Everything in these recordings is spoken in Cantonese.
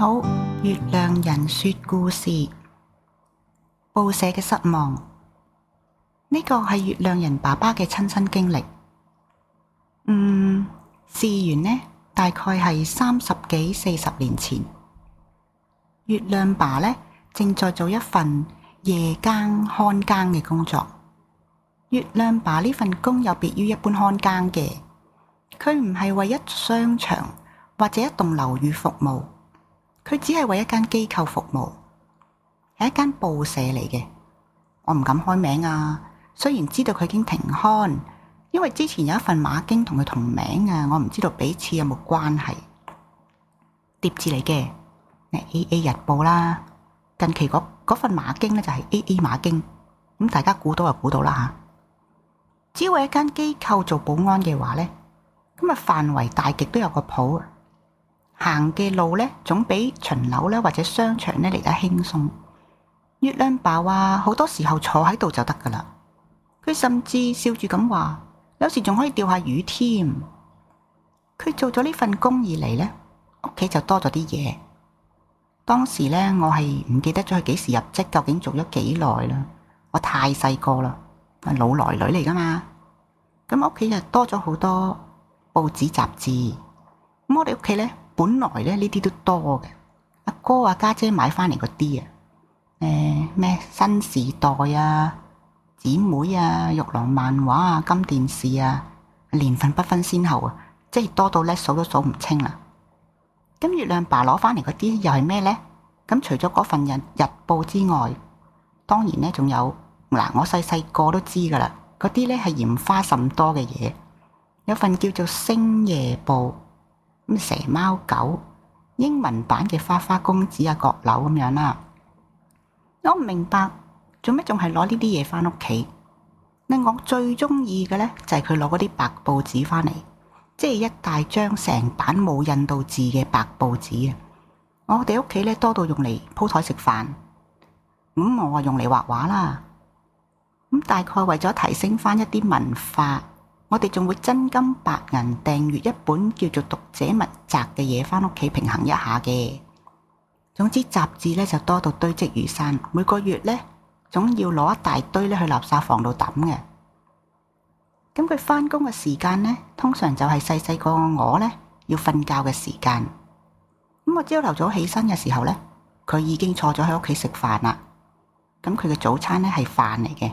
好，月亮人說故事報社嘅失望呢，這個係月亮人爸爸嘅親身經歷。嗯，事源呢，大概係三十幾四十年前，月亮爸呢，正在做一份夜間看更嘅工作。月亮爸呢份工有別於一般看更嘅，佢唔係為一商場或者一棟樓宇服務。佢只係為一間機構服務，係一間報社嚟嘅。我唔敢開名啊！雖然知道佢已經停刊，因為之前有一份馬經同佢同名啊，我唔知道彼此有冇關係。疊字嚟嘅，A A 日報啦。近期嗰份馬經呢，就係 A A 馬經，咁大家估到就估到啦嚇。只要為一間機構做保安嘅話呢，咁啊範圍大極都有個譜行嘅路咧，總比巡樓咧或者商場咧嚟得輕鬆。月亮爸話好多時候坐喺度就得噶啦。佢甚至笑住咁話，有時仲可以釣下魚添。佢做咗呢份工以嚟咧，屋企就多咗啲嘢。當時咧，我係唔記得咗佢幾時入職，究竟做咗幾耐啦。我太細個啦，老來女嚟噶嘛。咁屋企就多咗好多報紙雜誌。咁我哋屋企咧。本來咧，呢啲都多嘅，阿哥啊，家姐，姐買翻嚟嗰啲啊，誒、欸、咩新時代啊、姊妹啊、玉郎漫畫啊、金電視啊，年份不分先後啊，即係多到呢數都數唔清啦。咁月亮爸攞翻嚟嗰啲又係咩呢？咁除咗嗰份日日報之外，當然呢仲有嗱，我細細個都知噶啦，嗰啲呢係鹽花甚多嘅嘢，有份叫做星夜報。咁蛇貓狗英文版嘅花花公子啊，閣樓咁樣啦，我唔明白做咩仲係攞呢啲嘢翻屋企。令我最中意嘅呢，就係佢攞嗰啲白報紙翻嚟，即係一大張成版冇印度字嘅白報紙啊！我哋屋企呢，多到用嚟鋪台食飯，咁我啊用嚟畫畫啦。咁大概為咗提升翻一啲文化。我哋仲會真金白銀訂閲一本叫做《讀者文摘》嘅嘢，翻屋企平衡一下嘅。總之雜誌咧就多到堆積如山，每個月咧總要攞一大堆咧去垃圾房度揼嘅。咁佢翻工嘅時間咧，通常就係細細個我咧要瞓覺嘅時間。咁我朝頭早起身嘅時候咧，佢已經坐咗喺屋企食飯啦。咁佢嘅早餐咧係飯嚟嘅，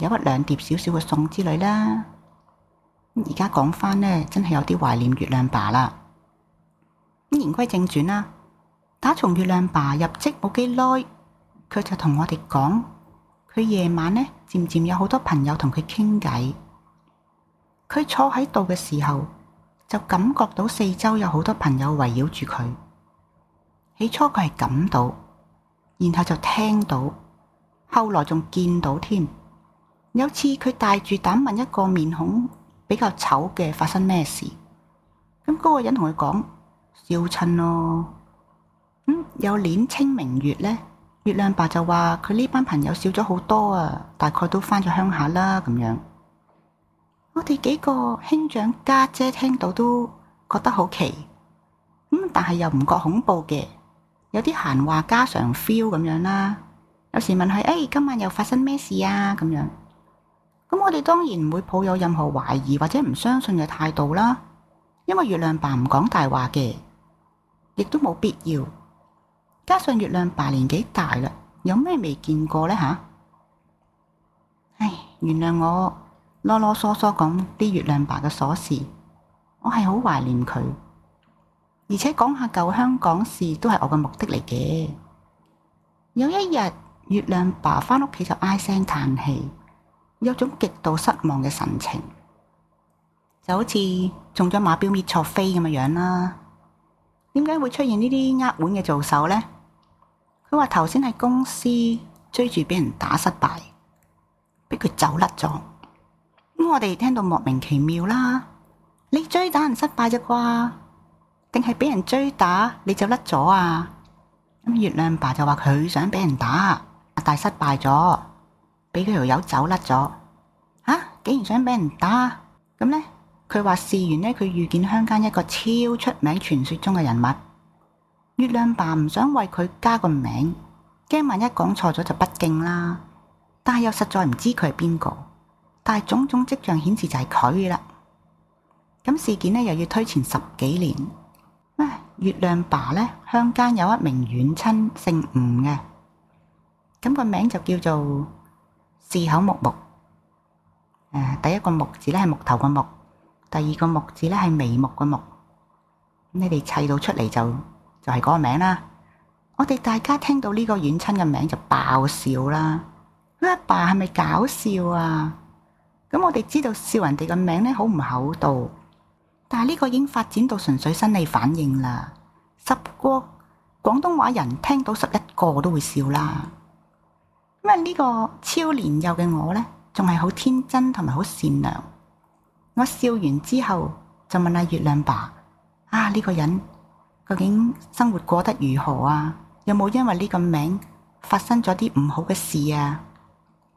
有一兩碟少少嘅餸之類啦。而家講翻呢，真係有啲懷念月亮爸啦。言歸正傳啦，打從月亮爸入職冇幾耐，佢就同我哋講，佢夜晚呢，漸漸有好多朋友同佢傾偈。佢坐喺度嘅時候，就感覺到四周有好多朋友圍繞住佢。起初佢係感到，然後就聽到，後來仲見到添。有次佢帶住膽問一個面孔。比較醜嘅，發生咩事？咁嗰個人同佢講，笑親、嗯、咯。咁有年清明月呢，月亮爸就話佢呢班朋友少咗好多啊，大概都翻咗鄉下啦。咁樣，我哋幾個兄長家姐、姐聽到都覺得好奇，咁、嗯、但係又唔覺恐怖嘅，有啲閒話家常 feel 咁樣啦。有時問佢，誒、哎，今晚又發生咩事啊？咁樣。咁我哋當然唔會抱有任何懷疑或者唔相信嘅態度啦，因為月亮爸唔講大話嘅，亦都冇必要。加上月亮爸年紀大啦，有咩未見過呢？吓？唉，原諒我囉囉嗦嗦講啲月亮爸嘅瑣事，我係好懷念佢，而且講下舊香港事都係我嘅目的嚟嘅。有一日，月亮爸翻屋企就唉聲嘆氣。有種極度失望嘅神情，就好似中咗馬標滅錯飛咁嘅樣啦。點解會出現呢啲呃碗嘅造手呢？佢話頭先喺公司追住俾人打失敗，俾佢走甩咗。咁我哋聽到莫名其妙啦。你追打人失敗咋啩？定係俾人追打你就甩咗啊？咁月亮爸就話佢想俾人打，但係失敗咗。俾佢條友走甩咗，竟然想俾人打咁呢，佢話事緣呢，佢遇見鄉間一個超出名傳說中嘅人物月亮爸。唔想為佢加個名，驚萬一講錯咗就不敬啦。但係又實在唔知佢係邊個，但係種種跡象顯示就係佢啦。咁事件呢又要推前十幾年，啊。月亮爸呢，鄉間有一名遠親姓吳嘅，咁、那個名就叫做。四口木木，誒、啊，第一個木字咧係木頭個木，第二個木字咧係眉目個木，你哋砌到出嚟就就係嗰個名啦。我哋大家聽到呢個遠親嘅名就爆笑啦。佢阿爸係咪搞笑啊？咁我哋知道笑人哋嘅名咧好唔厚道，但係呢個已經發展到純粹生理反應啦。十個廣東話人聽到十一個都會笑啦。因為呢個超年幼嘅我呢，仲係好天真同埋好善良。我笑完之後就問阿月亮爸：啊，呢、這個人究竟生活過得如何啊？有冇因為呢個名發生咗啲唔好嘅事啊？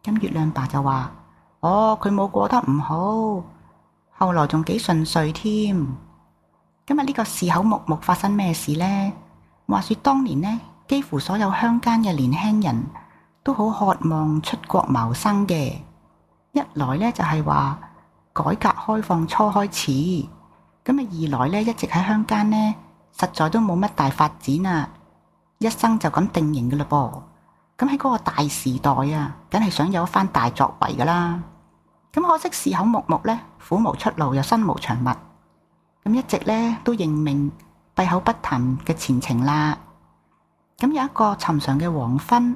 咁月亮爸就話：哦，佢冇過得唔好，後來仲幾順遂添。今日呢個事口目目發生咩事呢？話説當年呢，幾乎所有鄉間嘅年輕人，都好渴望出國謀生嘅。一來呢，就係話改革開放初開始，咁啊二來呢，一直喺鄉間呢，實在都冇乜大發展啊。一生就咁定型嘅嘞噃。咁喺嗰個大時代啊，梗係想有一番大作為噶啦。咁可惜事口木木呢，苦無出路，又身無長物，咁一直呢，都認命閉口不談嘅前程啦。咁有一個尋常嘅黃昏，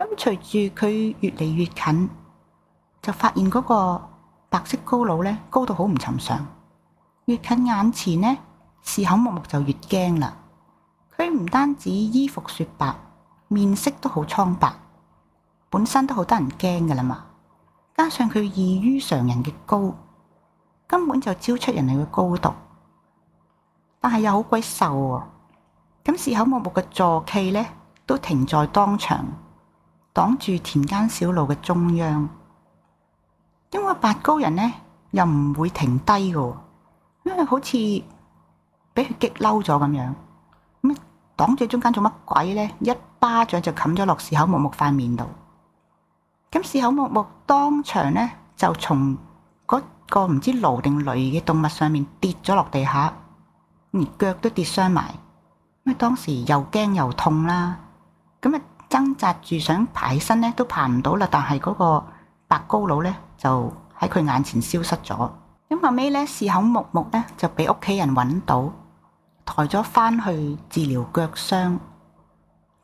咁隨住佢越嚟越近，就發現嗰個白色高佬咧，高到好唔尋常。越近眼前呢，視口木木就越驚啦。佢唔單止衣服雪白，面色都好蒼白，本身都好得人驚噶啦嘛。加上佢異於常人嘅高，根本就超出人哋嘅高度。但係又好鬼瘦啊！咁視口木木嘅坐騎咧，都停在當場。擋住田間小路嘅中央，因為白高人呢又唔會停低嘅，因為好似俾佢激嬲咗咁樣，咁擋住中間做乜鬼呢？一巴掌就冚咗落士口木木塊面度，咁士口木木當場呢，就從嗰個唔知騾定驢嘅動物上面跌咗落地下，連腳都跌傷埋，咁啊當時又驚又痛啦，咁啊。掙扎住想爬起身咧，都爬唔到啦。但係嗰個白高佬咧，就喺佢眼前消失咗。咁後尾咧，事後木木咧就俾屋企人揾到，抬咗翻去治療腳傷，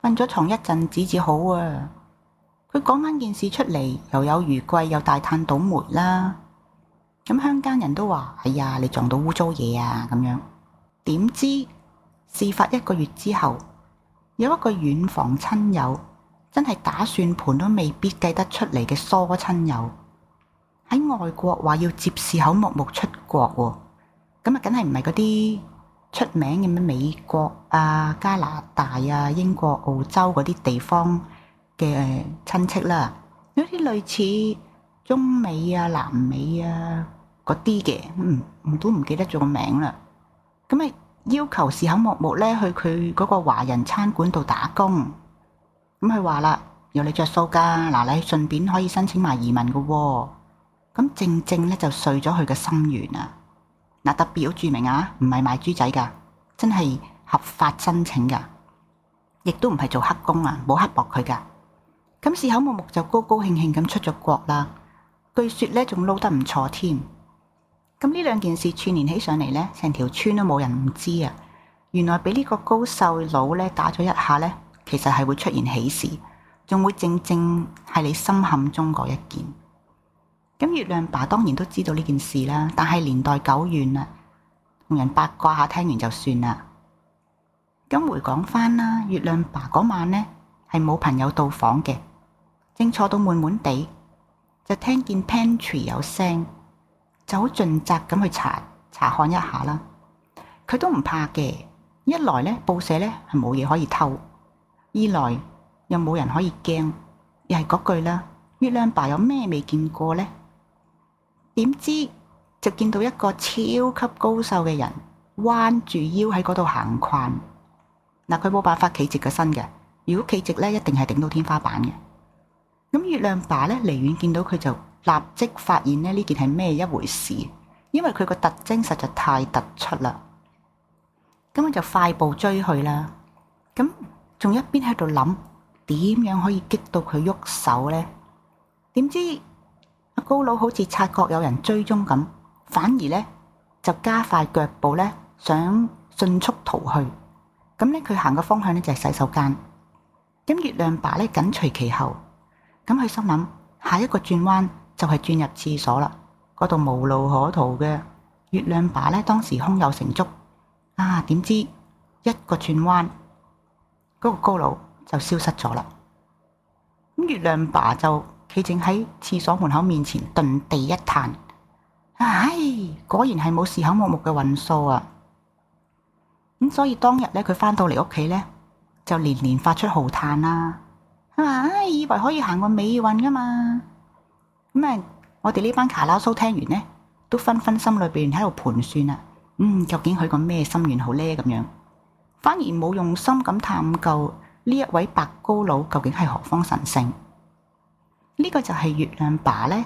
瞓咗床一陣子至好啊。佢講翻件事出嚟，又有餘悸，又大嘆倒霉啦。咁鄉間人都話：「哎呀，你撞到污糟嘢啊！」咁樣，點知事發一個月之後。有一個遠房親友，真係打算盤都未必計得出嚟嘅疏親友，喺外國話要接事口目目出國喎、哦，咁啊梗係唔係嗰啲出名嘅咩美國啊、加拿大啊、英國、澳洲嗰啲地方嘅、呃、親戚啦，有啲類似中美啊、南美啊嗰啲嘅，唔唔都唔記得咗個名啦，咁咪。要求視口木木咧去佢嗰個華人餐館度打工，咁佢話啦，有你着數噶，嗱，你順便可以申請埋移民噶，咁正正咧就碎咗佢嘅心願啊！嗱，特別好著名啊，唔係賣豬仔噶，真係合法申請噶，亦都唔係做黑工啊，冇刻薄佢噶。咁視口木木就高高興興咁出咗國啦，據說咧仲撈得唔錯添。咁呢兩件事串連起上嚟呢，成條村都冇人唔知啊！原來俾呢個高瘦佬呢，打咗一下呢，其實係會出現喜事，仲會正正係你心坎中嗰一件。咁月亮爸當然都知道呢件事啦，但係年代久遠啦，同人八卦下聽完就算啦。咁回講返啦，月亮爸嗰晚呢，係冇朋友到訪嘅，正坐到悶悶地，就聽見 pantry 有聲。就好盡責咁去查查看一下啦，佢都唔怕嘅。一來呢，報社呢係冇嘢可以偷；二來又冇人可以驚。又係嗰句啦，「月亮爸有咩未見過呢？」點知就見到一個超級高瘦嘅人彎住腰喺嗰度行困。嗱，佢冇辦法企直個身嘅。如果企直呢，一定係頂到天花板嘅。咁月亮爸呢，離遠見到佢就。立即發現咧呢件係咩一回事，因為佢個特徵實在太突出啦。咁佢就快步追去啦。咁仲一邊喺度諗點樣可以激到佢喐手呢？點知高佬好似察覺有人追蹤咁，反而呢就加快腳步咧，想迅速逃去。咁咧佢行嘅方向咧就係洗手間。咁月亮爸咧緊隨其後。咁佢心諗下一個轉彎。就係轉入廁所啦，嗰度無路可逃嘅。月亮爸咧當時胸有成竹，啊點知一個轉彎，嗰個高佬就消失咗啦。咁月亮爸就企正喺廁所門口面前，頓地一嘆，唉，果然係冇事冇目嘅運數啊！咁所以當日咧，佢翻到嚟屋企咧，就連連發出浩嘆啦。佢話，唉，以為可以行個美運噶嘛。咁誒、嗯，我哋呢班卡拉蘇聽完呢，都紛紛心裏邊喺度盤算啦。嗯，究竟佢個咩心願好咧咁樣？反而冇用心咁探究呢一位白高佬究竟係何方神聖？呢、呢個就係月亮爸呢，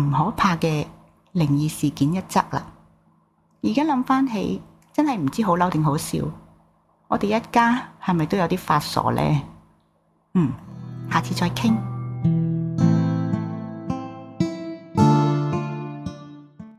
唔可怕嘅靈異事件一則啦。而家諗翻起，真係唔知好嬲定好笑。我哋一家係咪都有啲發傻呢？嗯，下次再傾。